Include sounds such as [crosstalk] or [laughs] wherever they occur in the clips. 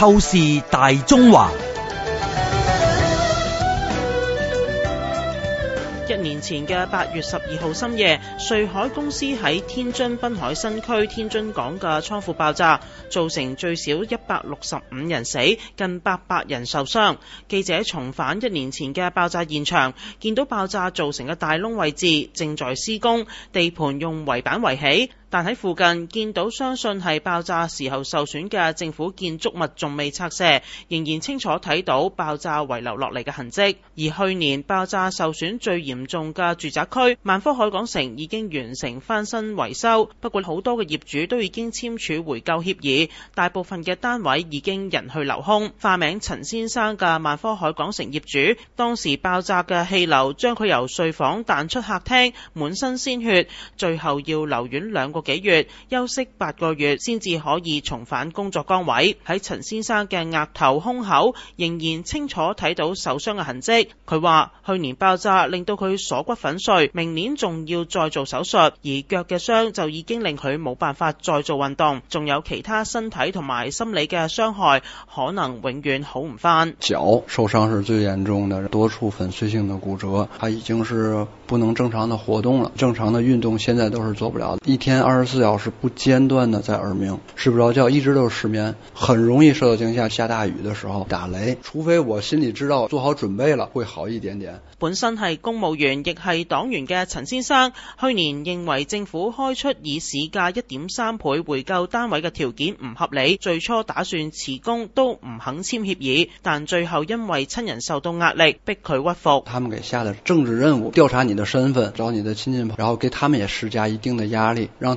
透視大中華。一年前嘅八月十二號深夜，瑞海公司喺天津濱海新區天津港嘅倉庫爆炸，造成最少一百六十五人死，近八百人受傷。記者重返一年前嘅爆炸現場，見到爆炸造成嘅大窿位置正在施工，地盤用圍板圍起。但喺附近見到相信係爆炸時候受損嘅政府建築物仲未拆卸，仍然清楚睇到爆炸遺留落嚟嘅痕跡。而去年爆炸受損最嚴重嘅住宅區萬科海港城已經完成翻新維修，不過好多嘅業主都已經簽署回購協議，大部分嘅單位已經人去樓空。化名陳先生嘅萬科海港城業主，當時爆炸嘅氣流將佢由睡房彈出客廳，滿身鮮血，最後要留院兩個幾月，休息八個月，先至可以重返工作崗位。喺陳先生嘅額頭、胸口仍然清楚睇到受傷嘅痕跡。佢話去年爆炸令到佢鎖骨粉碎，明年仲要再做手術。而腳嘅傷就已經令佢冇辦法再做運動，仲有其他身體同埋心理嘅傷害，可能永遠好唔返。腳受傷是最嚴重嘅，多處粉碎性嘅骨折，佢已經是不能正常的活動了，正常的運動現在都是做不了的一天二十四小時不間斷的在耳鳴，睡不着覺，一直都是失眠，很容易受到驚嚇。下大雨的時候打雷，除非我心裏知道做好準備了，會好一點點。本身係公務員，亦係黨員嘅陳先生，去年認為政府開出以市價一點三倍回購單位嘅條件唔合理，最初打算辭工都唔肯簽協議，但最後因為親人受到壓力，逼佢屈服。他們給下的政治任務，調查你的身份，找你的親戚朋友，然後給他們也施加一定的壓力，讓，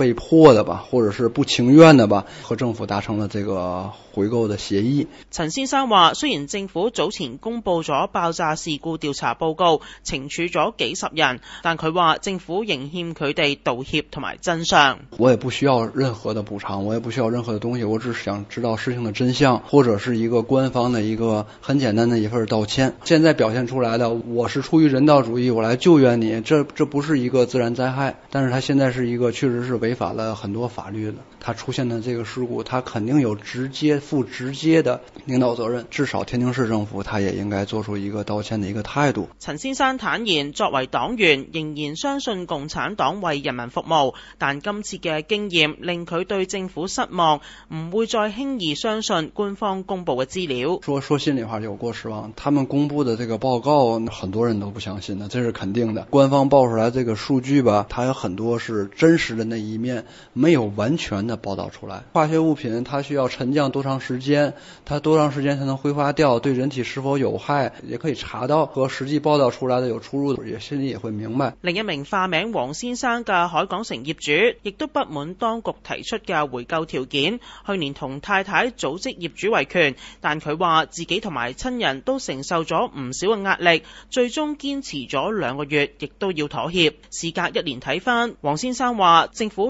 被迫的吧，或者是不情願的吧，和政府達成了這個回購的協議。陳先生話，雖然政府早前公布咗爆炸事故調查報告，懲處咗幾十人，但佢話政府仍欠佢哋道歉同埋真相。我也不需要任何的補償，我也不需要任何的東西，我只是想知道事情的真相，或者是一個官方的一個很簡單的一份道歉。現在表現出來的，我是出於人道主義，我來救援你。這這不是一個自然災害，但是他現在是一個確實是為。違反了很多法律的，他出現的這個事故，他肯定有直接負直接的領導責任。至少天津市政府，他也應該做出一個道歉的一個態度。陳先生坦言，作為黨員，仍然相信共產黨為人民服務，但今次嘅經驗令佢對政府失望，唔會再輕易相信官方公布嘅資料。說說心裏話，有過失望。他們公布的這個報告，很多人都不相信呢，這是肯定的。官方報出來這個數據吧，它有很多是真實的那一。面沒有完全的報道出來，化學物品它需要沉降多長時間，它多長時間才能揮發掉，對人體是否有害，也可以查到和實際報道出來的有出入，也心裏也會明白。另一名化名黃先生嘅海港城業主，亦都不滿當局提出嘅回購條件，去年同太太組織業主維權，但佢話自己同埋親人都承受咗唔少嘅壓力，最終堅持咗兩個月，亦都要妥協。事隔一年睇翻，黃先生話政府。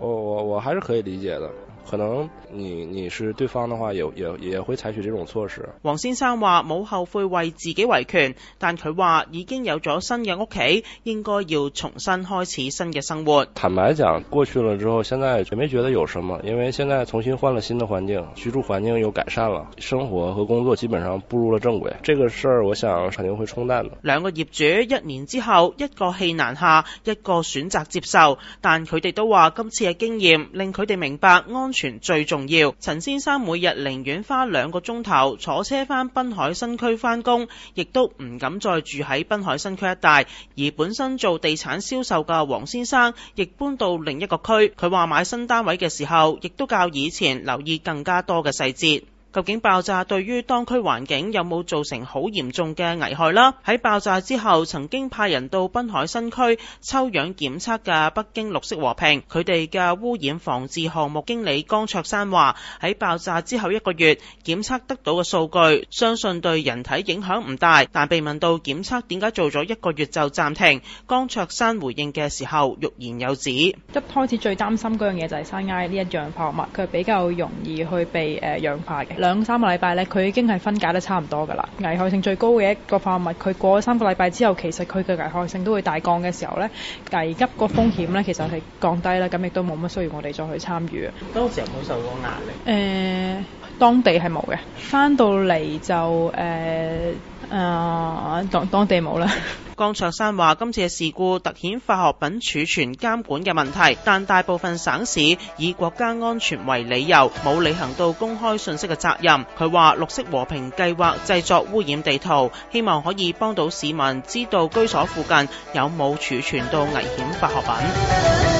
我我我還是可以理解的，可能你你是對方的話也，也也也會採取這種措施。王先生話冇後悔為自己維權，但佢話已經有咗新嘅屋企，應該要重新開始新嘅生活。坦白講，過去了之後，現在也沒覺得有什麼，因為現在重新換了新的環境，居住環境又改善了，生活和工作基本上步入了正軌。這個事兒，我想肯定會沖淡的。兩個業主一年之後，一個氣難下，一個選擇接受，但佢哋都話今次嘅經驗令佢哋明白安全最重要。陳先生每日寧願花兩個鐘頭坐車返濱海新區返工，亦都唔敢再住喺濱海新區一帶。而本身做地產銷售嘅黃先生，亦搬到另一個區。佢話買新單位嘅時候，亦都較以前留意更加多嘅細節。究竟爆炸對於當區環境有冇造成好嚴重嘅危害啦？喺爆炸之後，曾經派人到濱海新區抽樣檢測嘅北京綠色和平佢哋嘅污染防治項目經理江卓山話：喺爆炸之後一個月，檢測得到嘅數據，相信對人體影響唔大。但被問到檢測點解做咗一個月就暫停，江卓山回應嘅時候欲言又止。一開始最擔心嗰樣嘢就係山埃呢一樣化學物，佢比較容易去被誒氧化嘅。兩三個禮拜咧，佢已經係分解得差唔多㗎啦。危害性最高嘅一個化物，佢過三個禮拜之後，其實佢嘅危害性都會大降嘅時候咧，危急個風險咧，其實係降低啦。咁亦都冇乜需要我哋再去參與啊。當時有冇受過壓力？呃、當地係冇嘅。翻到嚟就誒當、呃呃、當地冇啦。 [laughs] 江卓山話：今次嘅事故凸顯化學品儲存監管嘅問題，但大部分省市以國家安全為理由，冇履行到公開信息嘅責任。佢話綠色和平計劃製作污染地圖，希望可以幫到市民知道居所附近有冇儲存到危險化學品。